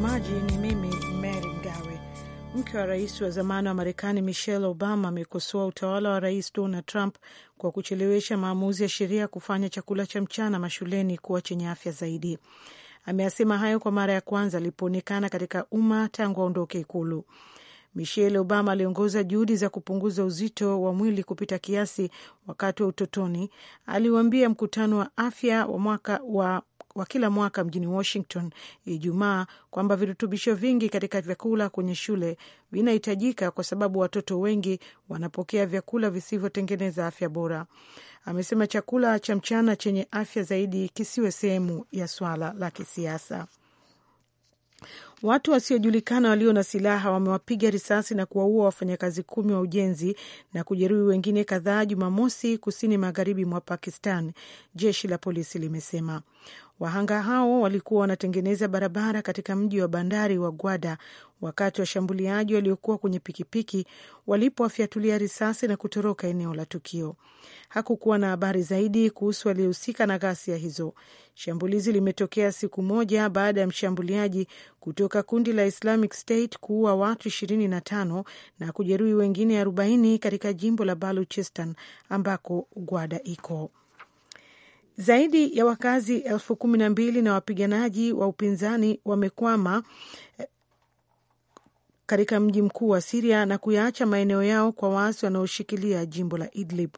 msomaji ni mimi Mary Mgawe. Mke wa rais wa zamani wa Marekani Michelle Obama amekosoa utawala wa Rais Donald Trump kwa kuchelewesha maamuzi ya sheria kufanya chakula cha mchana mashuleni kuwa chenye afya zaidi. Ameyasema hayo kwa mara ya kwanza alipoonekana katika umma tangu aondoke Ikulu. Michelle Obama aliongoza juhudi za kupunguza uzito wa mwili kupita kiasi wakati wa utotoni. Aliwaambia mkutano wa afya wa mwaka wa wa kila mwaka mjini Washington Ijumaa kwamba virutubisho vingi katika vyakula kwenye shule vinahitajika kwa sababu watoto wengi wanapokea vyakula visivyotengeneza afya bora. Amesema chakula cha mchana chenye afya zaidi kisiwe sehemu ya swala la kisiasa. Watu wasiojulikana walio na silaha wamewapiga risasi na kuwaua wafanyakazi kumi wa ujenzi na kujeruhi wengine kadhaa Jumamosi kusini magharibi mwa Pakistan, jeshi la polisi limesema. Wahanga hao walikuwa wanatengeneza barabara katika mji wa bandari wa Gwada wakati washambuliaji waliokuwa kwenye pikipiki walipowafyatulia risasi na kutoroka eneo la tukio. Hakukuwa na habari zaidi kuhusu waliohusika na ghasia hizo. Shambulizi limetokea siku moja baada ya mshambuliaji kutoka kundi la Islamic State kuua watu ishirini na tano na kujeruhi wengine arobaini katika jimbo la Baluchistan ambako Gwada iko. Zaidi ya wakazi elfu kumi na mbili na wapiganaji wa upinzani wamekwama eh, katika mji mkuu wa Siria na kuyaacha maeneo yao kwa waasi wanaoshikilia jimbo la Idlib.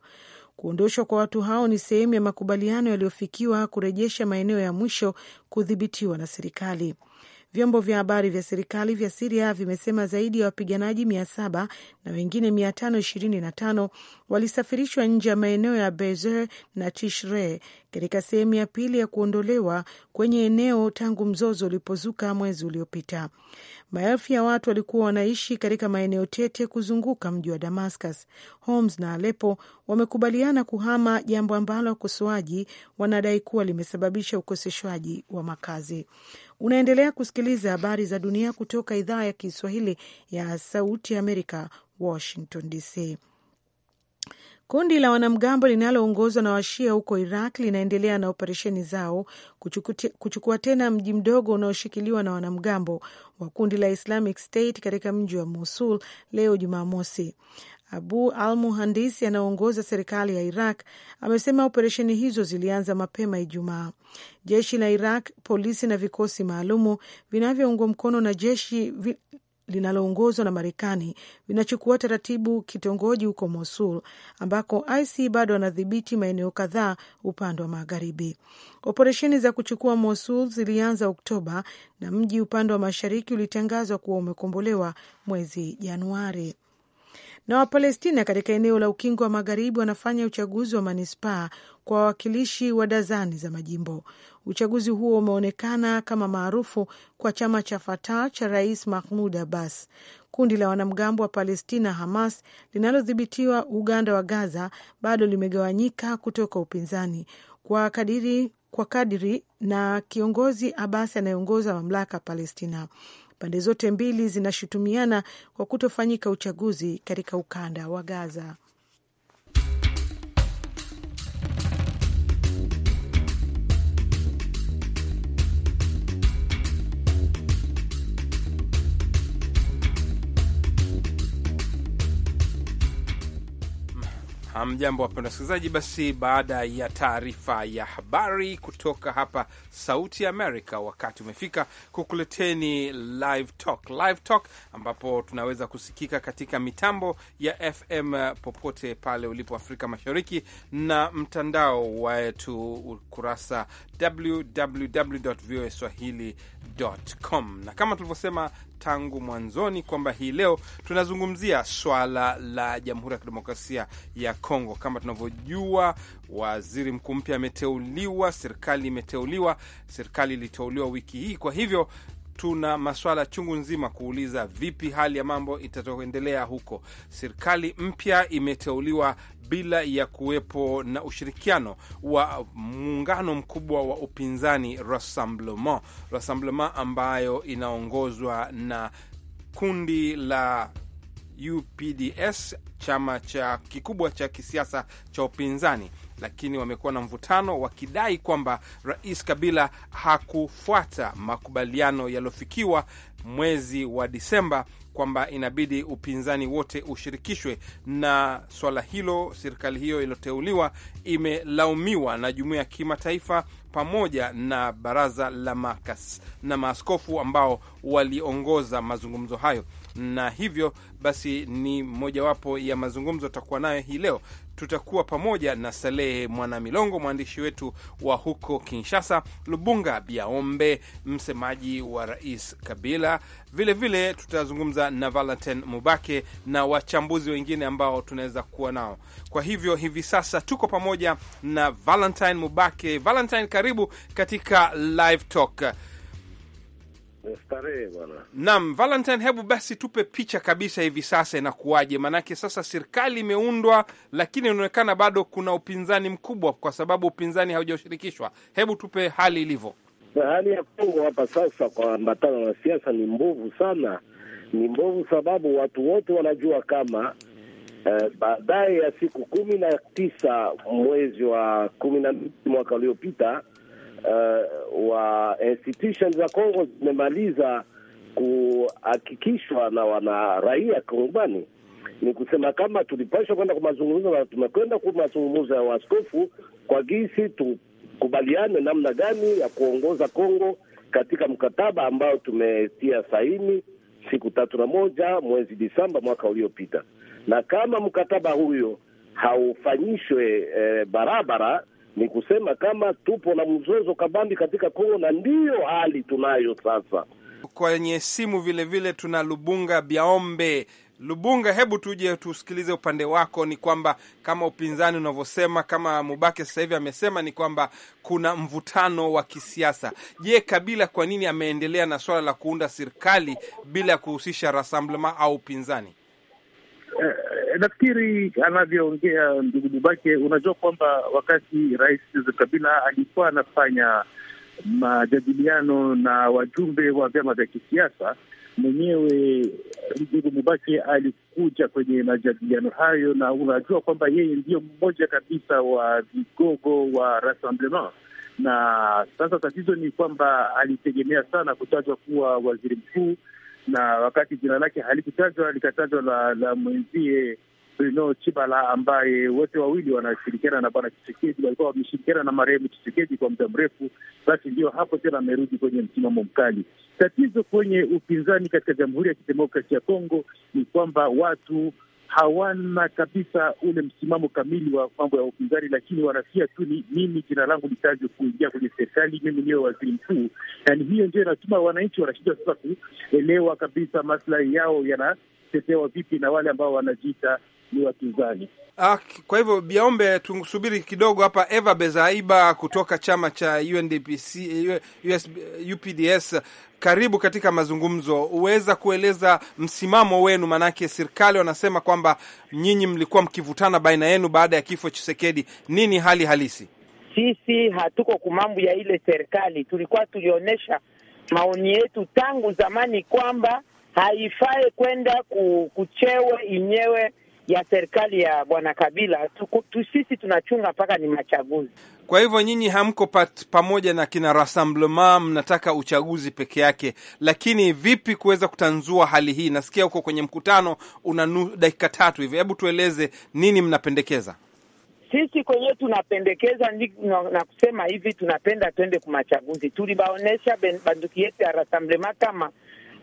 Kuondoshwa kwa watu hao ni sehemu ya makubaliano yaliyofikiwa kurejesha maeneo ya mwisho kudhibitiwa na serikali. Vyombo vya habari vya serikali vya Siria vimesema zaidi ya wapiganaji mia saba na wengine mia tano ishirini na tano walisafirishwa nje ya maeneo ya Bezer na Tishre katika sehemu ya pili ya kuondolewa kwenye eneo tangu mzozo ulipozuka mwezi uliopita. Maelfu ya watu walikuwa wanaishi katika maeneo tete kuzunguka mji wa Damascus. Homs na Alepo wamekubaliana kuhama, jambo ambalo wakosoaji wanadai kuwa limesababisha ukoseshwaji wa makazi. Unaendelea kusikiliza habari za dunia kutoka idhaa ya Kiswahili ya Sauti ya Amerika, Washington DC. Kundi la wanamgambo linaloongozwa na washia huko Iraq linaendelea na operesheni zao kuchukua tena mji mdogo unaoshikiliwa na wanamgambo wa kundi la Islamic State katika mji wa Mosul leo Jumamosi. Abu al Muhandisi anaoongoza serikali ya Iraq amesema operesheni hizo zilianza mapema Ijumaa. Jeshi la Iraq, polisi na vikosi maalumu vinavyoungwa mkono na jeshi linaloongozwa na Marekani vinachukua taratibu kitongoji huko Mosul ambako IC bado anadhibiti maeneo kadhaa upande wa magharibi. Operesheni za kuchukua Mosul zilianza Oktoba na mji upande wa mashariki ulitangazwa kuwa umekombolewa mwezi Januari na Wapalestina katika eneo la ukingo wa magharibi wanafanya uchaguzi wa manispaa kwa wawakilishi wa dazani za majimbo. Uchaguzi huo umeonekana kama maarufu kwa chama cha Fatah cha rais Mahmud Abbas. Kundi la wanamgambo wa Palestina Hamas linalodhibitiwa Uganda wa Gaza bado limegawanyika kutoka upinzani kwa kadiri, kwa kadiri na kiongozi Abbas anayeongoza mamlaka Palestina. Pande zote mbili zinashutumiana kwa kutofanyika uchaguzi katika ukanda wa Gaza. Mjambo, wapenda wasikilizaji. Basi baada ya taarifa ya habari kutoka hapa Sauti Amerika, wakati umefika kukuleteni Live Talk. Live Talk ambapo tunaweza kusikika katika mitambo ya FM popote pale ulipo Afrika Mashariki, na mtandao wetu ukurasa www voa swahili com, na kama tulivyosema tangu mwanzoni kwamba hii leo tunazungumzia swala la Jamhuri ya Kidemokrasia ya Kongo. Kama tunavyojua, waziri mkuu mpya ameteuliwa, serikali imeteuliwa, serikali iliteuliwa wiki hii, kwa hivyo tuna maswala chungu nzima kuuliza, vipi hali ya mambo itatoendelea huko. Serikali mpya imeteuliwa bila ya kuwepo na ushirikiano wa muungano mkubwa wa upinzani Rassemblement, Rassemblement ambayo inaongozwa na kundi la UPDS, chama cha kikubwa cha kisiasa cha upinzani lakini wamekuwa na mvutano wakidai kwamba Rais Kabila hakufuata makubaliano yaliyofikiwa mwezi wa Disemba kwamba inabidi upinzani wote ushirikishwe, na swala hilo serikali hiyo iliyoteuliwa imelaumiwa na jumuiya ya kimataifa pamoja na baraza la makas na maaskofu ambao waliongoza mazungumzo hayo, na hivyo basi ni mojawapo ya mazungumzo atakuwa nayo hii leo tutakuwa pamoja na Salehe Mwanamilongo, mwandishi wetu wa huko Kinshasa, Lubunga Biaombe, msemaji wa Rais Kabila. Vilevile vile tutazungumza na Valentin Mubake na wachambuzi wengine ambao tunaweza kuwa nao. Kwa hivyo hivi sasa tuko pamoja na Valentin Mubake. Valentin, karibu katika Live Talk. Starehe bwana. Naam, Valentine, hebu basi tupe picha kabisa hivi sasa inakuwaje? Maanake sasa serikali imeundwa, lakini inaonekana bado kuna upinzani mkubwa, kwa sababu upinzani haujashirikishwa. Hebu tupe hali ilivyo. hali ya Kongo hapa sasa ambatana na siasa ni mbovu sana, ni mbovu sababu watu wote wanajua kama eh, baadaye ya siku kumi na tisa mwezi wa kumi na mbili mwaka uliopita uh, wa institutions za Congo zimemaliza kuhakikishwa na wana raia Kongomani, ni kusema kama tulipashwa kwenda kwa mazungumzo na tumekwenda kwa mazungumzo ya waskofu kwa gisi tukubaliane namna gani ya kuongoza Kongo katika mkataba ambao tumetia saini siku tatu na moja mwezi disemba mwaka uliopita, na kama mkataba huyo haufanyishwe e, barabara ni kusema kama tupo na mzozo kabambi katika Kongo, na ndiyo hali tunayo sasa. Kwenye simu vile vile tuna Lubunga Biaombe. Lubunga, hebu tuje tusikilize upande wako. Ni kwamba kama upinzani unavyosema, kama Mubake sasa hivi amesema, ni kwamba kuna mvutano wa kisiasa. Je, Kabila kwa nini ameendelea na swala la kuunda serikali bila ya kuhusisha Rassemblement au upinzani? Eh, Eh, nafikiri anavyoongea ndugu Dubake, unajua kwamba wakati Rais Joseph Kabila alikuwa anafanya majadiliano na wajumbe wa vyama vya kisiasa mwenyewe Ndugu Mubake alikuja kwenye majadiliano hayo, na unajua kwamba yeye ndiyo mmoja kabisa wa vigogo wa Rassemblement. Na sasa tatizo ni kwamba alitegemea sana kutajwa kuwa waziri mkuu, na wakati jina lake halikutajwa likatajwa la, la mwenzie Bruno Chibala ambaye wote wawili wanashirikiana na bwana Chisekedi, walikuwa wameshirikiana na marehemu Chisekedi kwa muda mrefu. Basi ndio hapo tena amerudi kwenye msimamo mkali. Tatizo kwenye upinzani katika Jamhuri ya Kidemokrasia ya Kongo ni kwamba watu hawana kabisa ule msimamo kamili wa mambo ya upinzani, lakini wanasia tu ni mimi, jina langu litajwe kuingia kwenye serikali, mimi niwe waziri mkuu. Yani hiyo ndio inatuma wananchi wanashindwa sasa kuelewa kabisa maslahi yao yanatetewa vipi na wale ambao wanajiita ni wapinzani. Ah, kwa hivyo Biaombe, tusubiri kidogo hapa. Eva Bezaiba kutoka chama cha UNDPC, US, UPDS, karibu katika mazungumzo. Huweza kueleza msimamo wenu? Maanake serikali wanasema kwamba nyinyi mlikuwa mkivutana baina yenu baada ya kifo Chisekedi. Nini hali halisi? Sisi hatuko kumambo ya ile serikali, tulikuwa tulionyesha maoni yetu tangu zamani kwamba haifai kwenda kuchewe inyewe ya serikali ya bwana Kabila tuku, tu, sisi tunachunga mpaka ni machaguzi. Kwa hivyo nyinyi hamko pat, pamoja na kina Rassemblement, mnataka uchaguzi peke yake. Lakini vipi kuweza kutanzua hali hii? Nasikia huko kwenye mkutano una dakika tatu hivi, hebu tueleze nini mnapendekeza? Sisi kwenyewe tunapendekeza na kusema hivi, tunapenda twende kumachaguzi. Tulibaonesha banduki yetu ya Rassemblement kama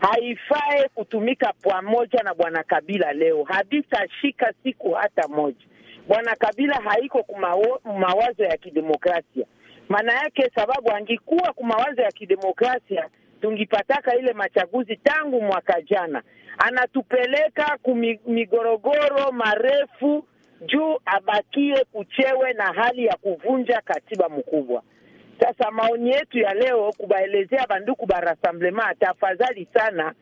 haifae kutumika pamoja na bwana Kabila leo, havitashika siku hata moja. Bwana Kabila haiko kumawazo ya kidemokrasia, maana yake sababu angikuwa kumawazo ya kidemokrasia tungipataka ile machaguzi tangu mwaka jana. Anatupeleka kumigorogoro marefu juu abakie kuchewe na hali ya kuvunja katiba mkubwa. Sasa maoni yetu ya leo kubaelezea banduku ba rassemblement, tafadhali sana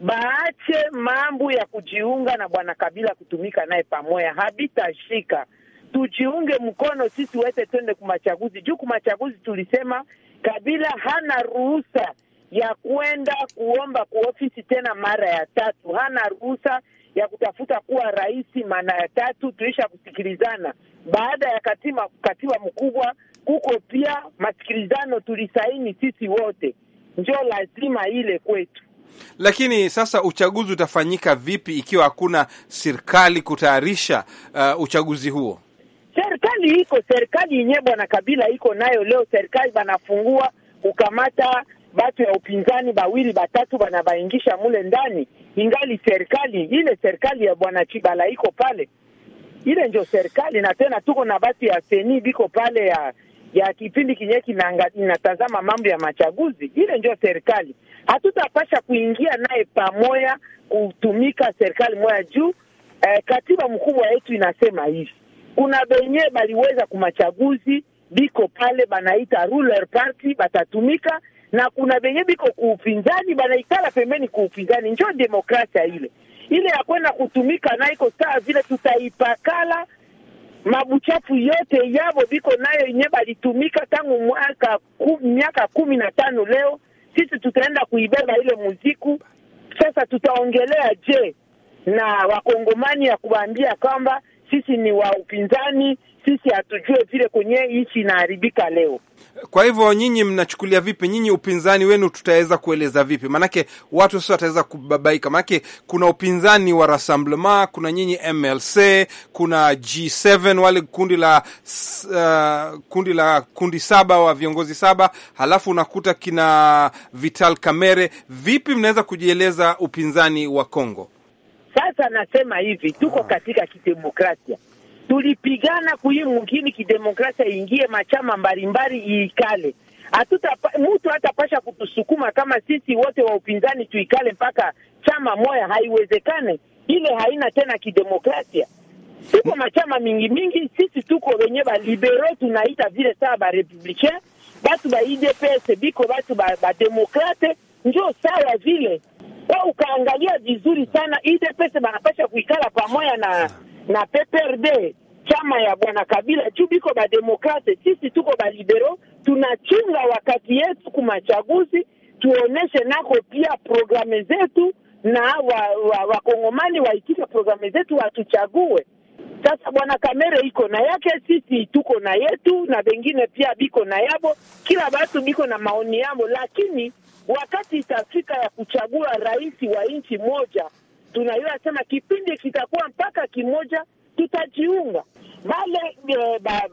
baache mambo ya kujiunga na bwana Kabila kutumika naye pamoya, habitashika. Tujiunge mkono sisi wote, twende kumachaguzi juu kumachaguzi tulisema Kabila hana ruhusa ya kwenda kuomba kuofisi tena mara ya tatu, hana ruhusa ya kutafuta kuwa rais mara ya tatu. Tulisha kusikilizana baada ya katima, katiba mkubwa kuko pia masikilizano tulisaini sisi wote, ndio lazima ile kwetu. Lakini sasa uchaguzi utafanyika vipi ikiwa hakuna serikali kutayarisha uh, uchaguzi huo? Serikali iko serikali yenyewe bwana Kabila iko nayo leo. Serikali banafungua kukamata batu ya upinzani bawili batatu banabaingisha mule ndani, ingali serikali ile serikali ya bwana Chibala iko pale, ile ndio serikali. Na tena tuko na batu ya seni biko pale ya ya kipindi kinye inatazama mambo ya machaguzi, ile ndio serikali. Hatutapasha kuingia naye pamoya kutumika serikali moya juu eh, katiba mkubwa yetu inasema hivi, kuna benye baliweza kumachaguzi biko pale banaita ruler party batatumika, na kuna benye biko kuupinzani banaikala pembeni kuupinzani. Njo demokrasia ile ile ya kwenda kutumika iko saa vile tutaipakala mabuchafu yote yabo biko nayo yenye balitumika tangu mwaka ku, miaka kumi na tano. Leo sisi tutaenda kuibeba ile muziku sasa. Tutaongelea je na wakongomani ya kuwaambia kwamba sisi ni wa upinzani, sisi hatujue vile kwenye nchi inaharibika leo. Kwa hivyo nyinyi mnachukulia vipi? Nyinyi upinzani wenu tutaweza kueleza vipi? Maanake watu sasa wataweza kubabaika, maanake kuna upinzani wa Rassemblement, kuna nyinyi MLC, kuna G7 wale kundi la uh, kundi la kundi saba wa viongozi saba, halafu unakuta kina Vital Kamere. Vipi mnaweza kujieleza upinzani wa congo Sasa nasema hivi, tuko ah. katika kidemokrasia tulipigana kuyi mugini kidemokrasia ingie machama mbalimbali iikale hatuta mtu hatapasha kutusukuma kama sisi wote wa upinzani tuikale mpaka chama moya, haiwezekane. Ile haina tena kidemokrasia. Tuko mm. machama mingi mingi, sisi tuko wenye ba libero tunaita vile saa barepublicain batu ba IDPS biko batu ba, ba demokrate njo sawa vile we ukaangalia vizuri sana idepese banapasha kuikala pamoya na na PPRD chama ya bwana Kabila juu biko bademokrate, sisi tuko balibero, tunachunga wakati yetu kumachaguzi, tuoneshe nako pia programe zetu na wakongomani wa, wa waitike programe zetu watuchague. Sasa bwana Kamere iko na yake, sisi tuko na yetu, na bengine pia biko na yabo, kila batu biko na maoni yabo, lakini wakati itafika ya kuchagua rais wa nchi moja, tunaiwa sema kipindi kitakuwa mpaka kimoja, tutajiunga bale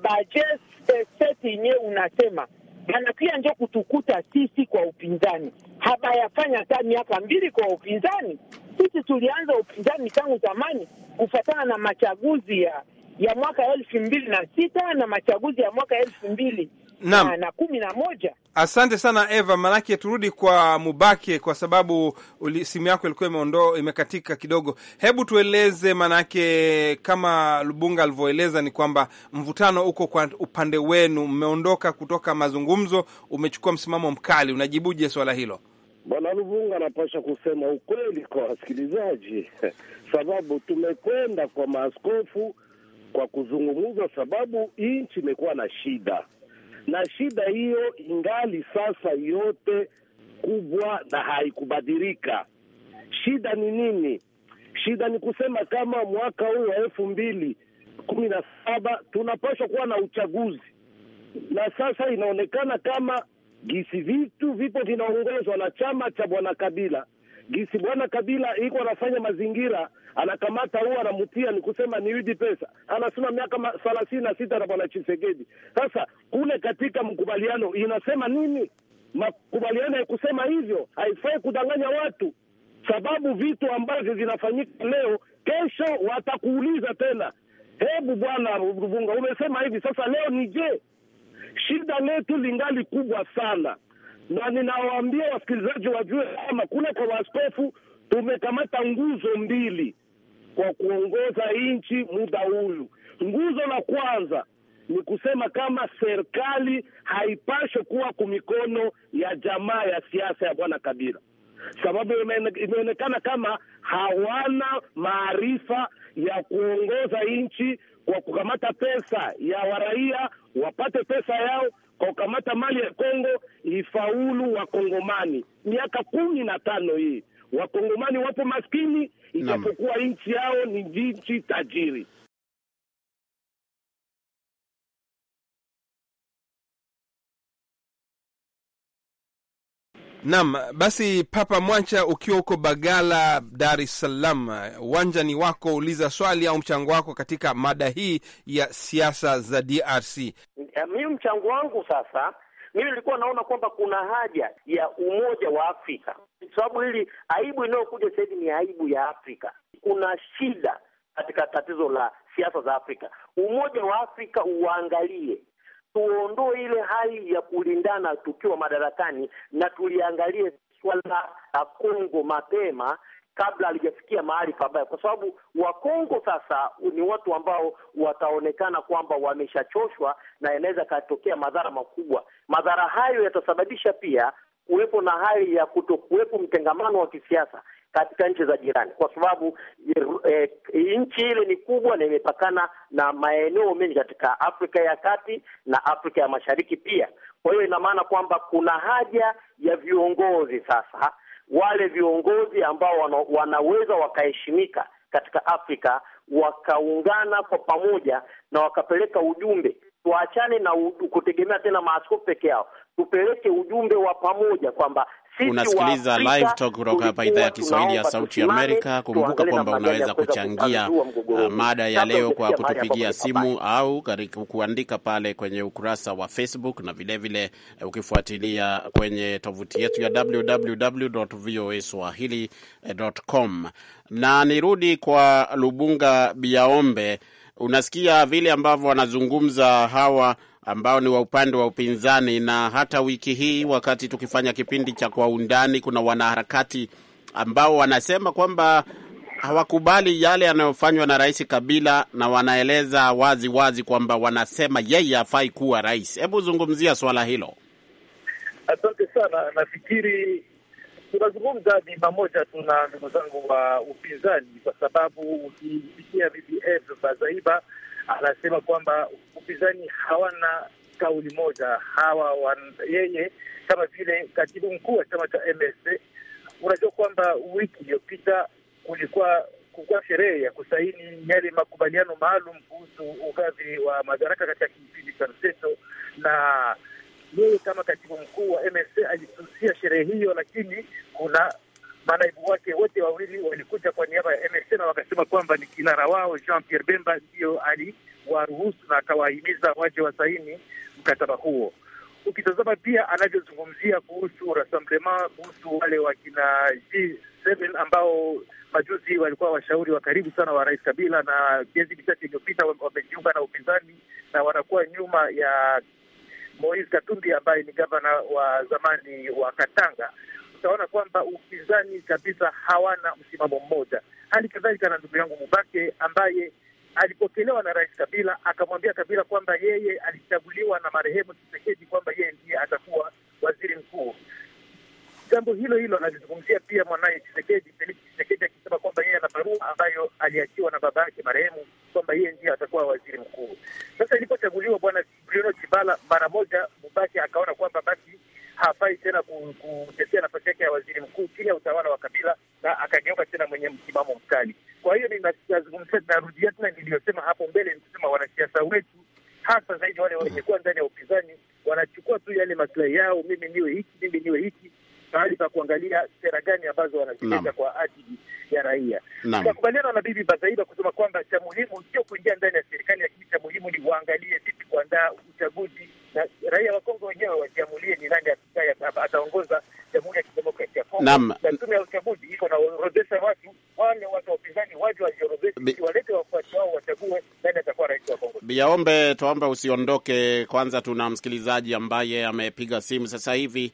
bajeseti eh, ba, eh, yenyewe unasema manakia njo kutukuta sisi kwa upinzani, habayafanya hata miaka mbili kwa upinzani. Sisi tulianza upinzani tangu zamani kufatana na machaguzi ya ya mwaka elfu mbili na sita na machaguzi ya mwaka elfu mbili na, ah, na kumi na moja. Asante sana Eva, maanake turudi kwa Mubake kwa sababu simu yako ilikuwa imeondo imekatika kidogo. Hebu tueleze, maanake kama Lubunga alivyoeleza ni kwamba mvutano uko kwa upande wenu, mmeondoka kutoka mazungumzo, umechukua msimamo mkali. Unajibuje swala hilo? Bwana Lubunga anapasha kusema ukweli kwa wasikilizaji sababu tumekwenda kwa maaskofu kwa kuzungumza, sababu nchi imekuwa na shida na shida hiyo ingali sasa yote kubwa na haikubadilika. Shida ni nini? Shida ni kusema kama mwaka huu wa elfu mbili kumi na saba tunapaswa kuwa na uchaguzi, na sasa inaonekana kama gisi vitu vipo vinaongozwa na chama cha bwana Kabila, gisi bwana Kabila iko anafanya mazingira anakamata huu anamutia ni kusema ni widi pesa, anasema miaka thelathini na sita na bwana Chisekedi. Sasa kule katika mkubaliano inasema nini? Makubaliano kusema hivyo, haifai kudanganya watu, sababu vitu ambavyo vinafanyika leo, kesho watakuuliza tena. Hebu bwana rubunga umesema hivi, sasa leo ni je? Shida letu lingali kubwa sana, na ninawaambia wasikilizaji wajue kama kule kwa waskofu tumekamata nguzo mbili kwa kuongoza nchi muda huyu. Nguzo la kwanza ni kusema kama serikali haipashe kuwa kumikono ya jamaa ya siasa ya bwana Kabila, sababu imeonekana kama hawana maarifa ya kuongoza nchi kwa kukamata pesa ya waraia wapate pesa yao, kwa kukamata mali ya Kongo ifaulu Wakongomani. Miaka kumi na tano hii Wakongomani wapo maskini ijapokuwa nchi yao ni nchi tajiri. Naam, basi Papa Mwacha, ukiwa huko Bagala, Dar es Salaam, uwanja ni wako, uliza swali au mchango wako katika mada hii ya siasa za DRC. Eh, mimi mchango wangu sasa mimi nilikuwa naona kwamba kuna haja ya umoja wa Afrika, kwa sababu hili aibu inayokuja sasa hivi ni aibu ya Afrika. Kuna shida katika tatizo la siasa za Afrika. Umoja wa Afrika uangalie tuondoe ile hali ya kulindana tukiwa madarakani na tuliangalie swala la Kongo mapema kabla alijafikia mahali pabaya, kwa sababu Wakongo sasa ni watu ambao wataonekana kwamba wameshachoshwa na yanaweza katokea madhara makubwa. Madhara hayo yatasababisha pia kuwepo na hali ya kutokuwepo mtengamano wa kisiasa katika nchi za jirani, kwa sababu e, nchi ile ni kubwa na imepakana na maeneo mengi katika Afrika ya Kati na Afrika ya Mashariki pia. Kwa hiyo ina maana kwamba kuna haja ya viongozi sasa wale viongozi ambao wana, wanaweza wakaheshimika katika Afrika wakaungana kwa pamoja na wakapeleka ujumbe tuachane na kutegemea tena maaskofu peke yao, tupeleke ujumbe wa pamoja kwamba unasikiliza live talk kutoka hapa idhaa ya Kiswahili ya Sauti ya Amerika. Kumbuka kwamba unaweza kuchangia uh, mada ya leo kwa kutupigia simu au kuandika pale kwenye ukurasa wa Facebook na vilevile vile, uh, ukifuatilia kwenye tovuti yetu ya www.voaswahili.com. Na nirudi kwa Lubunga Biaombe unasikia vile ambavyo wanazungumza hawa ambao ni wa upande wa upinzani, na hata wiki hii wakati tukifanya kipindi cha Kwa Undani, kuna wanaharakati ambao wanasema kwamba hawakubali yale yanayofanywa na Rais Kabila na wanaeleza wazi wazi kwamba wanasema yeye hafai kuwa rais. Hebu zungumzia swala hilo. Asante sana. Nafikiri tunazungumza ni pamoja tu na ndugu zangu wa upinzani, kwa sababu ukipitia VVF Bazaiba anasema kwamba upinzani hawana kauli moja hawa wan, yeye kama vile katibu mkuu wa chama cha MSC. Unajua kwamba wiki iliyopita kulikuwa kukuwa sherehe ya kusaini yale makubaliano maalum kuhusu ugavi wa madaraka katika kipindi cha mseto na yeye kama katibu mkuu wa MSA alisusia sherehe hiyo, lakini kuna manaibu wake wote wawili walikuja kwa niaba ya MSA na wakasema kwamba ni kinara wao Jean Pierre Bemba ndiyo aliwaruhusu na akawahimiza waje wasaini mkataba huo. Ukitazama pia anavyozungumzia kuhusu Rassemblement, kuhusu wale wakina G7 ambao majuzi walikuwa washauri wa karibu sana wa Rais Kabila na miezi michache iliyopita wamejiunga na upinzani na wanakuwa nyuma ya Moise Katumbi ambaye ni gavana wa zamani wa Katanga, utaona kwamba upinzani kabisa hawana msimamo mmoja. Hali kadhalika na ndugu yangu Mubake ambaye alipokelewa na Rais Kabila akamwambia Kabila kwamba yeye alichaguliwa na marehemu Tshisekedi kwamba yeye ndiye atakuwa waziri mkuu. Jambo hilo hilo analizungumzia pia mwanaye Chisekedi, Felix Chisekedi, akisema kwamba yeye ana barua ambayo aliachiwa na baba yake marehemu kwamba yeye ndiye atakuwa waziri mkuu. Sasa ilipochaguliwa bwana Bruno Chibala, mara moja Mubaki akaona kwamba basi hafai tena kutetea nafasi yake ya waziri mkuu chini ya utawala wa Kabila, na akageuka tena mwenye msimamo mkali. Kwa hiyo ninazungumzia, narudia tena niliyosema hapo mbele, nikusema wanasiasa wetu hasa zaidi wale wenye kuwa ndani ya upinzani wanachukua tu yale maslahi yao, mimi niwe hiki, mimi niwe hiki pahali pa kuangalia sera gani ambazo wanazileta kwa ajili ya raia. Nakubaliana na Bibi Bazaiba kusema kwamba cha muhimu sio kuingia ndani ya serikali, lakini cha muhimu ni waangalie vipi kuandaa uchaguzi na raia wa Kongo wenyewe wajiamulie ni nani ataongoza Jamhuri ya Kidemokrasia ya Kongo. Na tume ya uchaguzi iko na orodhesha watu wale watu wa upinzani waje wajiorodheshe, walete wafuasi wao wachague nani atakuwa rais wa Kongo. Biaombe, tuombe usiondoke, kwanza tuna msikilizaji ambaye amepiga simu sasa hivi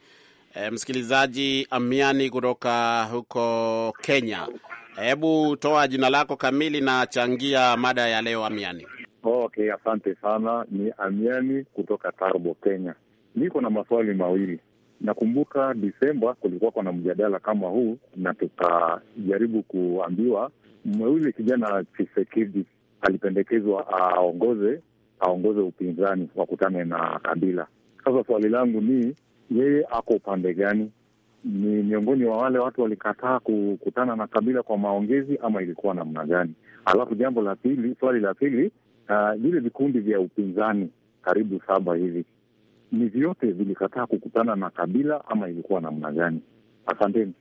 E, msikilizaji Amiani kutoka huko Kenya, hebu toa jina lako kamili na changia mada ya leo Amiani. Okay, asante sana. Ni Amiani kutoka Tarbo, Kenya. Niko na maswali mawili. Nakumbuka Desemba kulikuwa kuna mjadala kama huu, na tukajaribu kuambiwa mweuzi kijana Chisekedi alipendekezwa aongoze aongoze upinzani wakutane na Kabila. Sasa swali langu ni yeye ako upande gani? Ni miongoni mwa wale watu walikataa kukutana na Kabila kwa maongezi ama ilikuwa namna gani? Alafu jambo la pili, swali la pili, ah, vile uh, vikundi vya upinzani karibu saba hivi ni vyote vilikataa kukutana na Kabila ama ilikuwa namna gani? Asanteni.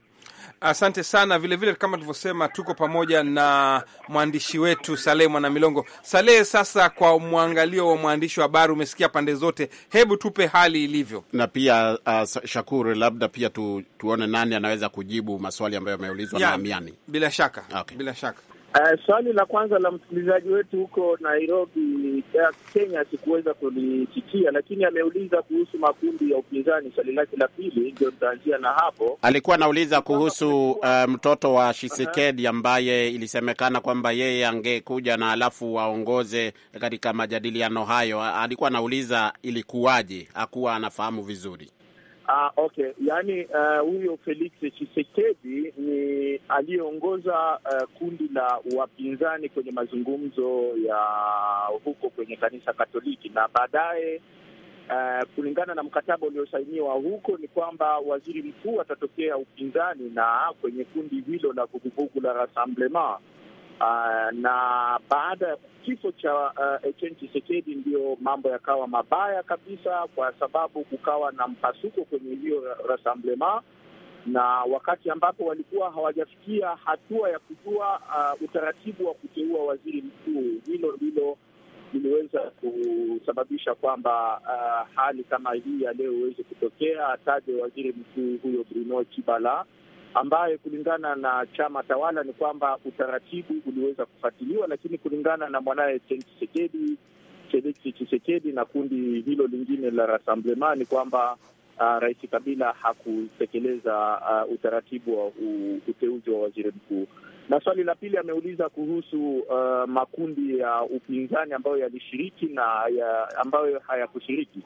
Asante sana vilevile vile, kama tulivyosema, tuko pamoja na mwandishi wetu salehe Mwana Milongo. sasa kwa mwangalio wa mwandishi wa habari, umesikia pande zote, hebu tupe hali ilivyo, na pia uh, Shakur, labda pia tu, tuone nani anaweza kujibu maswali ambayo yameulizwa na Amiani. Bila shaka, okay. bila shaka Uh, swali la kwanza la msikilizaji wetu huko Nairobi ya Kenya sikuweza kulisikia, lakini ameuliza kuhusu makundi ya upinzani. Swali lake la pili ndio nitaanzia na hapo. Alikuwa anauliza kuhusu uh, mtoto wa Shisekedi ambaye ilisemekana kwamba yeye angekuja na alafu aongoze katika majadiliano hayo. Alikuwa anauliza ilikuwaje, hakuwa anafahamu vizuri. Ah, okay, yaani huyo uh, Felix Tshisekedi ni aliyeongoza uh, eh, kundi la wapinzani kwenye mazungumzo ya huko kwenye kanisa Katoliki na baadaye Uh, kulingana na mkataba uliosainiwa huko ni kwamba waziri mkuu atatokea upinzani na kwenye kundi hilo la vuguvugu la Rassemblement Uh, na baada ya kifo cha uh, Etienne Tshisekedi ndiyo mambo yakawa mabaya kabisa, kwa sababu kukawa na mpasuko kwenye hiyo rassemblement, na wakati ambapo walikuwa hawajafikia hatua ya kujua uh, utaratibu wa kuteua waziri mkuu. Hilo ndilo liliweza kusababisha kwamba uh, hali kama hii ya leo iweze kutokea, ataje waziri mkuu huyo Bruno Tshibala ambaye kulingana na chama tawala ni kwamba utaratibu uliweza kufuatiliwa, lakini kulingana na mwanaye chisekedi Felix chisekedi na kundi hilo lingine la Rassemblement ni kwamba uh, Rais Kabila hakutekeleza uh, utaratibu wa uteuzi wa waziri mkuu. Na swali la pili ameuliza kuhusu uh, makundi ya upinzani ambayo yalishiriki na ya ambayo hayakushiriki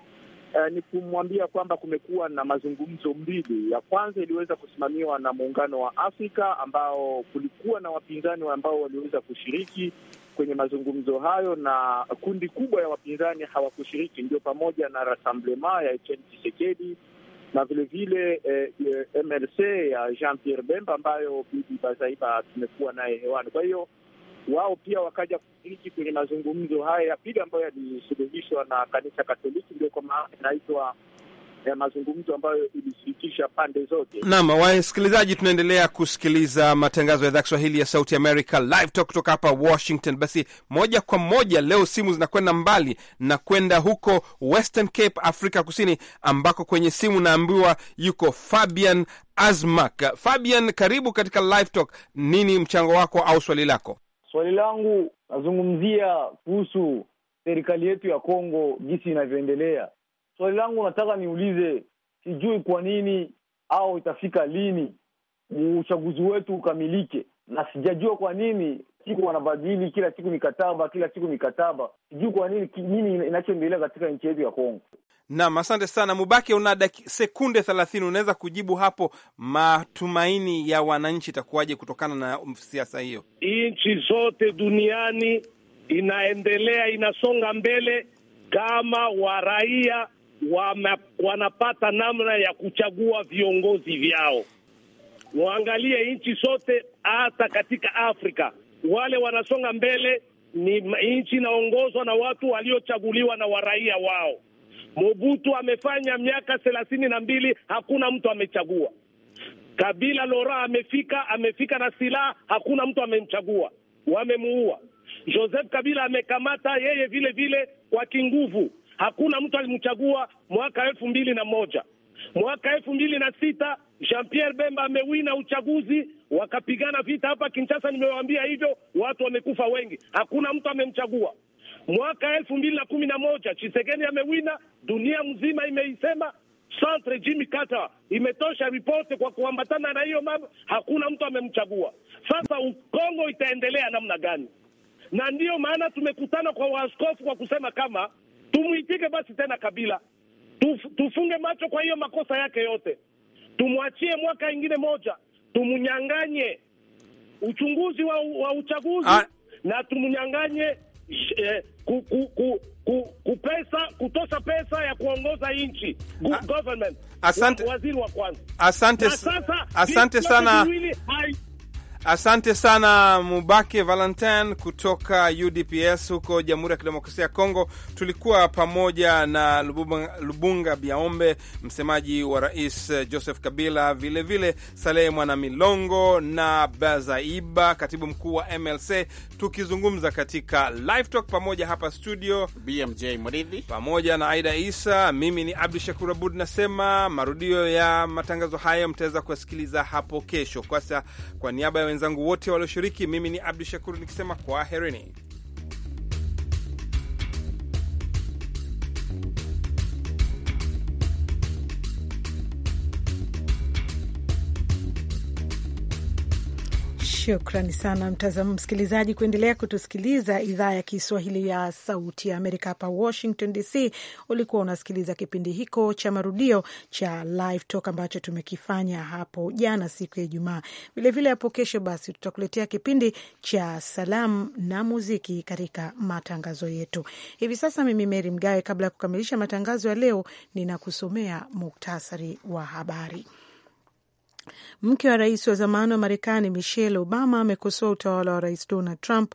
eh, ni kumwambia kwamba kumekuwa na mazungumzo mbili. Ya kwanza iliweza kusimamiwa na Muungano wa Afrika ambao kulikuwa na wapinzani ambao waliweza kushiriki kwenye mazungumzo hayo, na kundi kubwa ya wapinzani hawakushiriki, ndio pamoja na Rassemblement ya Etienne Tshisekedi na vilevile eh, eh, MLC ya Jean Pierre Bemba ambayo Bibi Bazaiba tumekuwa naye hewani, kwa hiyo wao pia wakaja kushiriki kwenye mazungumzo haya ya pili ambayo yalisuluhishwa na kanisa Katoliki, ndio kwa maana inaitwa ya eh, mazungumzo ambayo ilishirikisha pande zote. Naam, wasikilizaji, tunaendelea kusikiliza matangazo ya idhaa Kiswahili ya Sauti America Live Talk kutoka hapa Washington. Basi moja kwa moja leo simu zinakwenda mbali na kwenda huko Western Cape, Afrika Kusini, ambako kwenye simu naambiwa yuko Fabian Azmak. Fabian, karibu katika Live Talk. Nini mchango wako au swali lako? Swali langu nazungumzia kuhusu serikali yetu ya Kongo jinsi inavyoendelea. Swali langu nataka niulize, sijui kwa nini au itafika lini uchaguzi wetu ukamilike, na sijajua kwa nini siku wanabadili kila siku mikataba, kila siku mikataba. Sijui kwa nini nini inachoendelea katika nchi yetu ya Kongo. Nam, asante sana Mubake, una sekunde thelathini, unaweza kujibu hapo. Matumaini ya wananchi itakuwaje kutokana na siasa hiyo? Nchi zote duniani inaendelea inasonga mbele kama waraia wanapata namna ya kuchagua viongozi vyao. Waangalie nchi zote, hata katika Afrika wale wanasonga mbele ni nchi inaongozwa na watu waliochaguliwa na waraia wao. Mobutu amefanya miaka thelathini na mbili, hakuna mtu amechagua. Kabila Lora amefika, amefika na silaha, hakuna mtu amemchagua, wamemuua. Joseph Kabila amekamata yeye vile vile kwa kinguvu, hakuna mtu alimchagua mwaka elfu mbili na moja. Mwaka elfu mbili na sita Jean Pierre Bemba amewina uchaguzi, wakapigana vita hapa Kinshasa. Nimewaambia hivyo, watu wamekufa wengi, hakuna mtu amemchagua. Mwaka elfu mbili na kumi na moja Chisekedi amewina, dunia mzima imeisema Centre Jimmy Carter imetosha ripoti kwa kuambatana na hiyo mambo, hakuna mtu amemchagua. Sasa Kongo itaendelea namna gani? Na ndiyo maana tumekutana kwa waaskofu kwa kusema kama tumwitike basi tena Kabila, tuf, tufunge macho kwa hiyo makosa yake yote, tumwachie mwaka ingine moja, tumnyanganye uchunguzi wa, wa uchaguzi A ah. na tumnyanganye Eh, kupesa kutosha pesa ya kuongoza nchi ah, government, asante waziri wa kwanza. Asante, asante sana. Asante sana Mubake Valentin kutoka UDPS huko Jamhuri ya Kidemokrasia ya Kongo. Tulikuwa pamoja na Lubunga, Lubunga Biaombe, msemaji wa Rais Joseph Kabila, vilevile Salehe mwana milongo na Bazaiba, katibu mkuu wa MLC, tukizungumza katika Live Talk pamoja hapa studio, BMJ Mridhi pamoja na Aida Isa. Mimi ni Abdu Shakur Abud, nasema marudio ya matangazo haya mtaweza kuyasikiliza hapo kesho. Kwasa kwa niaba ya wenzangu wote walioshiriki. Mimi ni Abdu Shakur nikisema kwaherini. Shukrani sana mtazamo msikilizaji kuendelea kutusikiliza idhaa ya Kiswahili ya Sauti ya Amerika hapa Washington DC. Ulikuwa unasikiliza kipindi hiko cha marudio cha Live Talk ambacho tumekifanya hapo jana siku ya Ijumaa. Vilevile hapo kesho, basi tutakuletea kipindi cha salamu na muziki katika matangazo yetu hivi sasa. Mimi Meri Mgawe, kabla ya kukamilisha matangazo ya leo, ninakusomea muktasari wa habari. Mke wa rais wa zamani wa Marekani Michelle Obama amekosoa utawala wa rais Donald Trump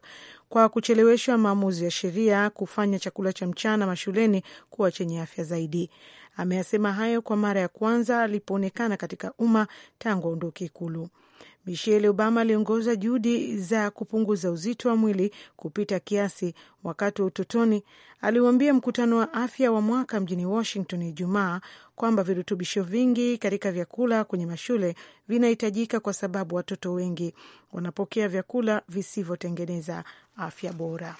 kwa kuchelewesha maamuzi ya sheria kufanya chakula cha mchana mashuleni kuwa chenye afya zaidi. Ameyasema hayo kwa mara ya kwanza alipoonekana katika umma tangu aondoke Ikulu. Michelle Obama aliongoza juhudi za kupunguza uzito wa mwili kupita kiasi wakati wa utotoni. Aliuambia mkutano wa afya wa mwaka mjini Washington Ijumaa kwamba virutubisho vingi katika vyakula kwenye mashule vinahitajika kwa sababu watoto wengi wanapokea vyakula visivyotengeneza afya bora.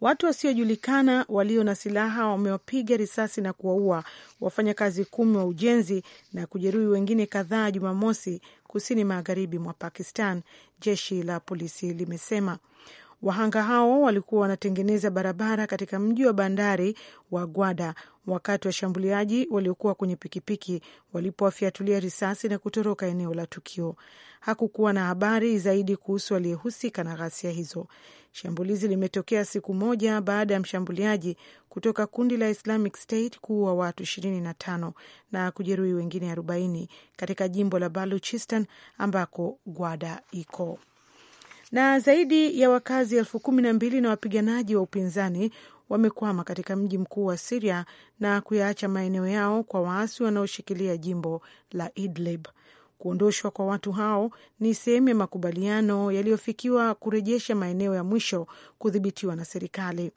Watu wasiojulikana walio na silaha wamewapiga risasi na kuwaua wafanyakazi kumi wa ujenzi na kujeruhi wengine kadhaa Jumamosi, kusini magharibi mwa Pakistan, jeshi la polisi limesema. Wahanga hao walikuwa wanatengeneza barabara katika mji wa bandari wa Gwada wakati washambuliaji waliokuwa kwenye pikipiki walipowafyatulia risasi na kutoroka eneo la tukio. Hakukuwa na habari zaidi kuhusu aliyehusika na ghasia hizo. Shambulizi limetokea siku moja baada ya mshambuliaji kutoka kundi la Islamic State kuua watu 25 na kujeruhi wengine 40 katika jimbo la Baluchistan ambako Gwada iko na zaidi ya wakazi elfu kumi na mbili na wapiganaji wa upinzani wamekwama katika mji mkuu wa Siria na kuyaacha maeneo yao kwa waasi wanaoshikilia jimbo la Idlib. Kuondoshwa kwa watu hao ni sehemu ya makubaliano yaliyofikiwa kurejesha maeneo ya mwisho kudhibitiwa na serikali.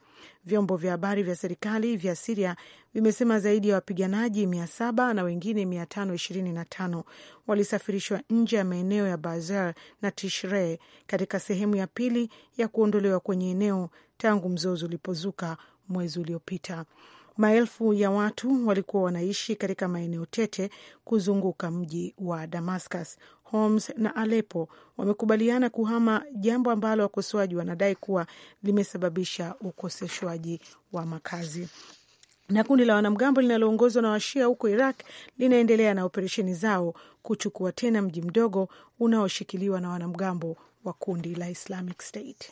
Vyombo vya habari vya serikali vya Siria vimesema zaidi ya wapiganaji mia saba na wengine mia tano ishirini na tano walisafirishwa nje ya maeneo ya Bazar na Tishree katika sehemu ya pili ya kuondolewa kwenye eneo tangu mzozo ulipozuka mwezi uliopita. Maelfu ya watu walikuwa wanaishi katika maeneo tete kuzunguka mji wa Damascus. Homs na alepo wamekubaliana kuhama, jambo ambalo wakosoaji wanadai kuwa limesababisha ukoseshwaji wa makazi na kundi la wanamgambo linaloongozwa na washia huko Iraq linaendelea na operesheni zao kuchukua tena mji mdogo unaoshikiliwa na wanamgambo wa kundi la Islamic State.